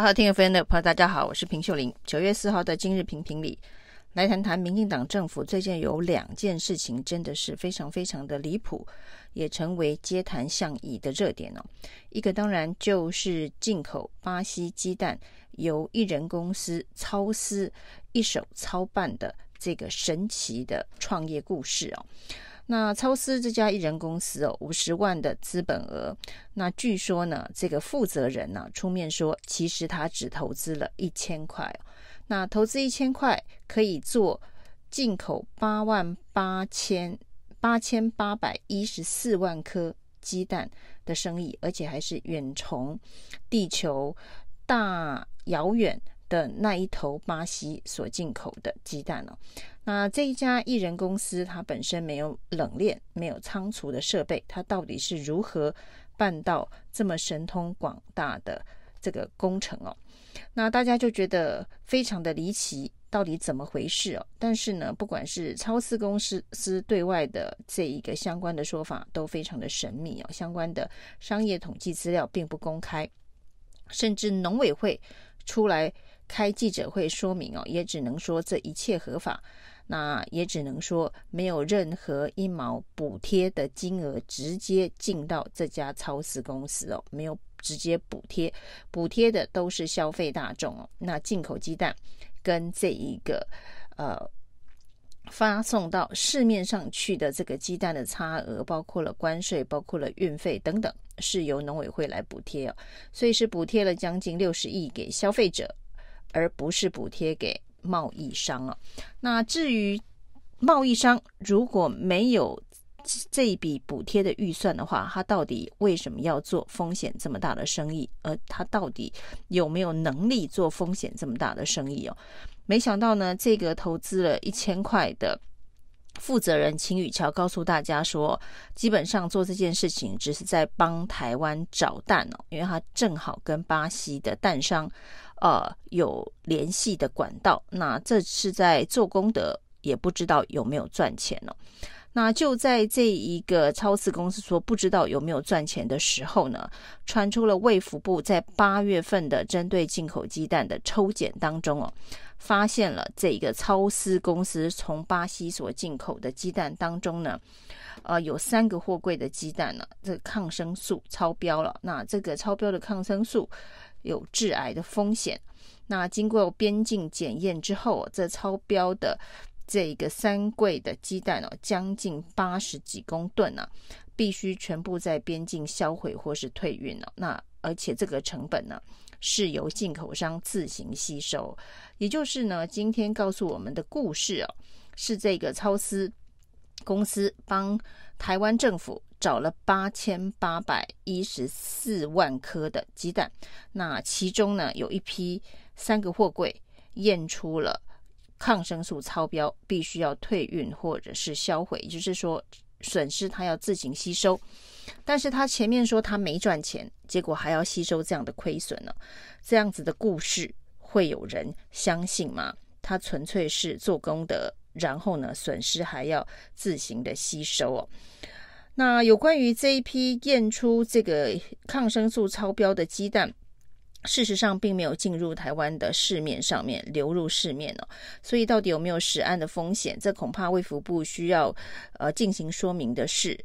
Hello，聽友朋友大家好，我是平秀琳。九月四號的今日評評理，來談談民進黨政府最近有兩件事情真的是非常非常的離譜，也成為街談巷議的熱點哦。一個當然就是進口巴西雞蛋由一人公司操司一手操辦的這個神奇的創業故事哦。那超思這家一人公司哦，五十萬的資本額。那據說呢，這個負責人呢、啊、出面說，其實他只投資了一千塊。那投資一千塊可以做進口八萬八千八千八百一十四萬顆雞蛋的生意，而且還是遠從地球大遙遠的那一頭巴西所進口的雞蛋，哦那、啊、這一家一人公司，它本身沒有冷鏈、沒有倉儲的設備，它到底是如何辦到這麼神通廣大的這個工程哦？那大家就覺得非常的離奇，到底怎麼回事哦？但是呢，不管是超市公司司對外的這一個相關的說法，都非常的神秘哦。相關的商業統計資料並不公開，甚至農委會出來開記者會說明哦，也只能說這一切合法。那也只能說，沒有任何一毛補貼的金額，直接進到這家超市公司哦，沒有直接補貼，補貼的都是消費大眾哦。那進口雞蛋跟這一個呃發送到市面上去的這個雞蛋的差額，包括了關稅，包括了運費等等，是由農委會來補貼哦，所以是補貼了將近六十億給消費者，而不是補貼給。貿易商啊，那至於貿易商如果沒有這一筆補貼的預算的話，他到底為什麼要做風險這麼大的生意？而他到底有沒有能力做風險這麼大的生意哦？沒想到呢，這個投資了一千塊的。負責人秦宇橋告訴大家說，基本上做這件事情只是在幫台灣找蛋哦，因為他正好跟巴西的蛋商，呃有聯繫的管道。那這是在做功德，也不知道有沒有賺錢哦。那就在這一個超市公司說不知道有沒有賺錢的時候呢，傳出了衛福部在八月份的針對進口雞蛋的抽檢當中哦。發現了這個超思公司從巴西所進口的雞蛋當中呢，呃，有三個貨櫃的雞蛋呢、啊，這抗生素超標了。那這個超標的抗生素有致癌的風險。那經過邊境檢驗之後，這超標的這一個三櫃的雞蛋呢、啊，將近八十幾公噸呢、啊，必須全部在邊境銷毀或是退運了。那而且這個成本呢是由進口商自行吸收。也就是呢，今天告訴我們的故事哦，是這個超思公司幫台灣政府找了八千八百一十四萬顆的雞蛋。那其中呢，有一批三個貨櫃驗出了抗生素超標，必須要退運或者是銷毀。也就是說。損失他要自行吸收，但是他前面說他沒賺錢，結果還要吸收這樣的虧損呢、哦？這樣子的故事會有人相信嗎？他純粹是做功德，然後呢損失還要自行的吸收哦。那有關於這一批驗出這個抗生素超標的雞蛋？事實上，並沒有進入台灣的市面上面流入市面哦，所以到底有沒有食安的風險？這恐怕衛福部需要呃進行說明的是，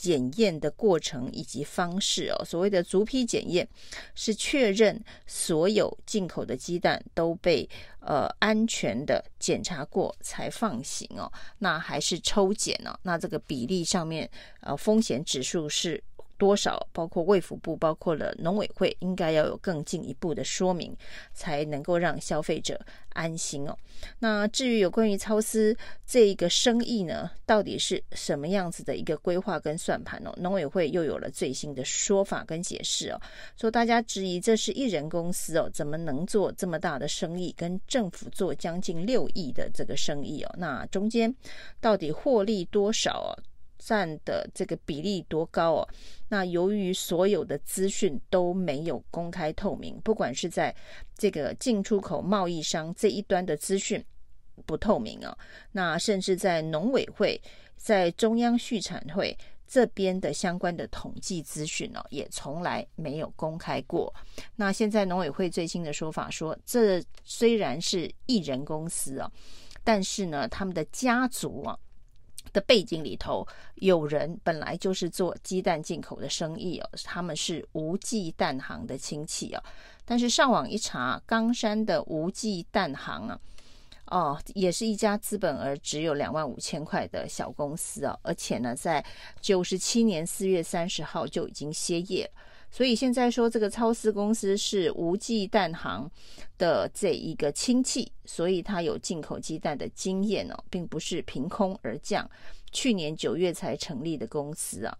檢驗的過程以及方式哦。所謂的逐批檢驗，是確認所有進口的雞蛋都被呃安全的檢查過才放行哦。那還是抽檢呢、哦？那這個比例上面，呃，風險指數是？多少？包括衛福部，包括了農委會，應該要有更進一步的說明，才能夠讓消費者安心哦。那至於有關於超思這一個生意呢，到底是什麼樣子的一個規劃跟算盤哦？農委會又有了最新的說法跟解釋哦，說大家質疑這是一人公司哦，怎麼能做這麼大的生意，跟政府做將近六億的這個生意哦？那中間到底獲利多少哦、啊？佔的這個比例多高哦、啊？那由於所有的資訊都沒有公開透明，不管是在這個進出口貿易商這一端的資訊不透明啊，那甚至在農委會在中央畜產會這邊的相關的統計資訊呢、啊，也從來沒有公開過。那現在農委會最新的說法說，這雖然是一人公司啊，但是呢，他們的家族啊。的背景裡頭，有人本來就是做雞蛋進口的生意哦，他們是吳記蛋行的親戚哦。但是上網一查，岡山的吳記蛋行啊，哦，也是一家資本額只有兩萬五千塊的小公司哦，而且呢，在九十七年四月三十號就已經歇業了。所以現在說這個超思公司是無忌蛋行的這一個親戚，所以它有進口雞蛋的經驗哦，並不是憑空而降。去年九月才成立的公司啊，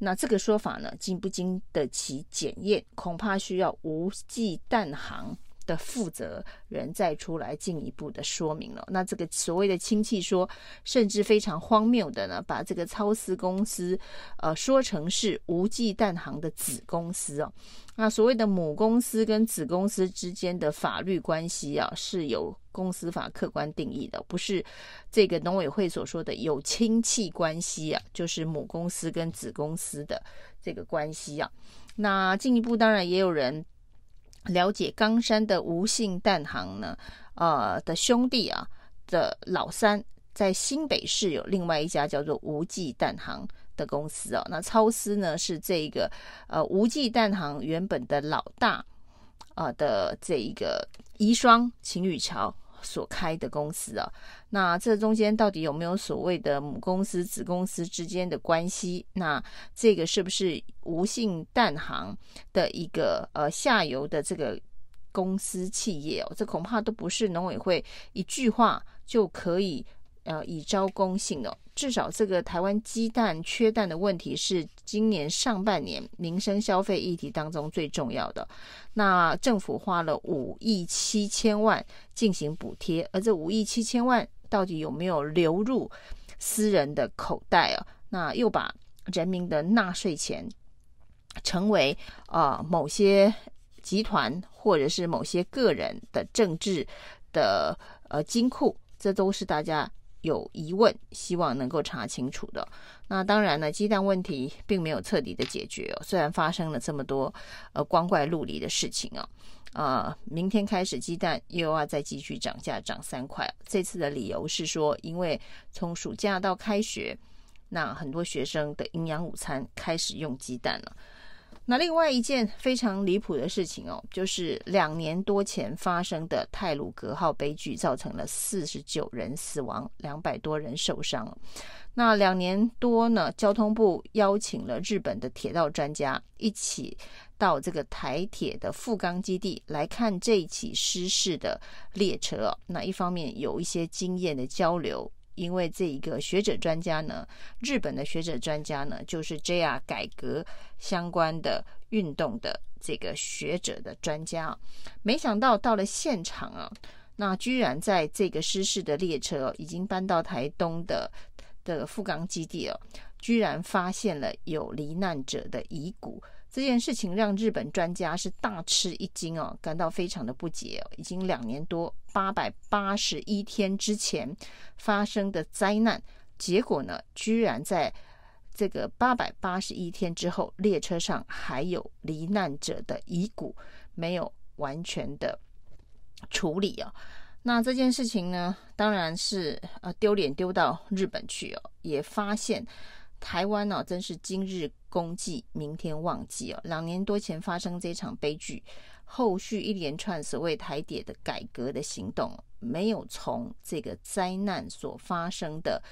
那這個說法呢，經不經得起檢驗？恐怕需要無忌蛋行。負責人再出來進一步的說明了。那這個所謂的親戚說，甚至非常荒謬的呢，把這個超思公司呃說成是無忌蛋行的子公司哦、啊。那所謂的母公司跟子公司之間的法律關係啊，是由公司法客觀定義的，不是這個農委會所說的有親戚關係啊，就是母公司跟子公司的這個關係啊。那進一步當然也有人。了解岡山的吳姓蛋行呢，呃，的兄弟啊，的老三在新北市有另外一家叫做吳記蛋行的公司哦、啊。那超司呢是這一個呃吳記蛋行原本的老大啊、呃、的這一個遺孀秦雨橋，所開的公司啊，那這中間到底有沒有所謂的母公司、子公司之間的關係？那這個是不是無性蛋行的一個呃下游的這個公司企業哦？這恐怕都不是農委會一句話就可以。呃，以昭公信哦，至少這個台灣雞蛋缺蛋的問題是今年上半年民生消費議題當中最重要的。那政府花了五億七千萬進行補貼，而這五億七千萬到底有沒有流入私人的口袋啊？那又把人民的納稅錢成為啊、呃、某些集團或者是某些個人的政治的呃金庫，這都是大家。有疑問，希望能夠查清楚的。那當然呢，雞蛋問題並沒有徹底的解決哦。雖然發生了這麼多呃光怪陸離的事情啊、哦，啊、呃，明天開始雞蛋又要再繼續漲價，漲三塊。這次的理由是說，因為從暑假到開學，那很多學生的營養午餐開始用雞蛋了。那另外一件非常離譜的事情哦，就是兩年多前發生的太魯閣號悲劇，造成了四十九人死亡，兩百多人受傷。那兩年多呢，交通部邀請了日本的鐵道專家，一起到這個台鐵的富岡基地來看這一起失事的列車。那一方面有一些經驗的交流，因為這一個學者專家呢，日本的學者專家呢，就是 JR 改革相關的運動的這個學者的專家，沒想到到了現場啊，那居然在這個失事的列車、哦、已經搬到台東的的富岡基地哦，居然發現了有罹難者的遺骨。這件事情讓日本專家是大吃一驚哦，感到非常的不解哦。已經兩年多，八百八十一天之前發生的災難，結果呢，居然在這個八百八十一天之後，列車上還有罹難者的遺骨沒有完全的處理哦，那這件事情呢，當然是呃丟臉丟到日本去哦。也發現台灣呢、哦，真是今日，公祭，明天忘記哦。兩年多前發生這場悲劇，後續一連串所謂台鐵的改革的行動，沒有從這個災難所發生的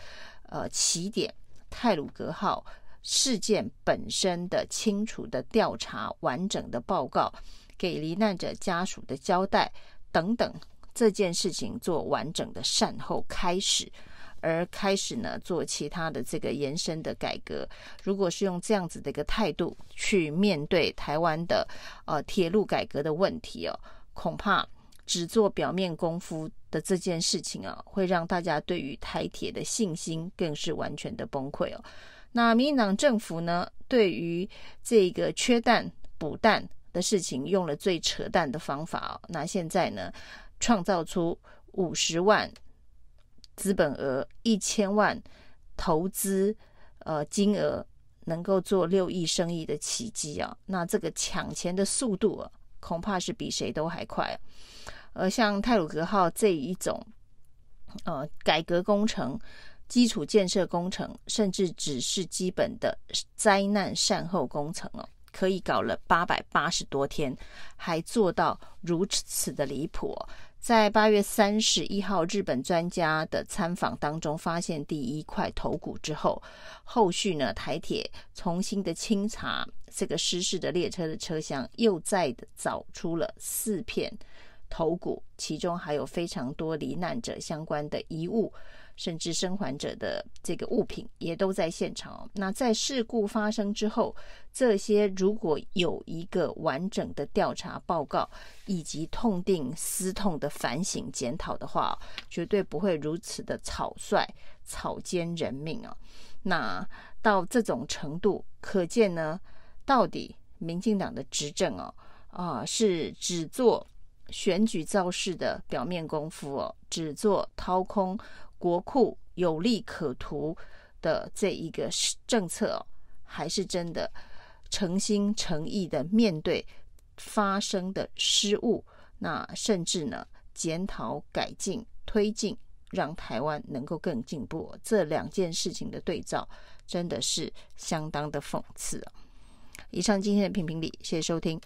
呃起點——太魯閣號事件本身的清楚的調查、完整的報告、給罹難者家屬的交代等等，這件事情做完整的善後開始。而開始呢，做其他的這個延伸的改革，如果是用這樣子的一個態度去面對台灣的呃鐵路改革的問題哦，恐怕只做表面功夫的這件事情啊，會讓大家對於台鐵的信心更是完全的崩潰哦。那民進黨政府呢，對於這個缺蛋補蛋的事情，用了最扯蛋的方法哦。那現在呢，創造出五十萬。資本額一千萬，投資，呃，金額能夠做六億生意的奇蹟啊！那這個搶錢的速度啊，恐怕是比誰都還快啊！而像太魯閣號這一種，呃，改革工程、基礎建設工程，甚至只是基本的災難善後工程哦啊，可以搞了八百八十多天，還做到如此的離譜啊。在八月三十一號，日本專家的參訪當中發現第一塊頭骨之後，後續呢，台鐵重新的清查這個失事的列車的車廂，又再的找出了四片頭骨，其中還有非常多罹難者相關的遺物。甚至生還者的這個物品，也都在現場哦。那在事故發生之後，這些如果有一個完整的調查報告以及痛定思痛的反省檢討的話，絕對不會如此的草率、草菅人命啊、哦。那到這種程度，可見呢，到底民進黨的執政哦，啊，是只做選舉造勢的表面功夫哦，只做掏空。國庫有利可圖的這一個政策哦，還是真的誠心誠意的面對發生的失誤？那甚至呢，檢討改進推進，讓台灣能夠更進步哦，這兩件事情的對照，真的是相當的諷刺啊哦！以上今天的評評理，謝謝收聽。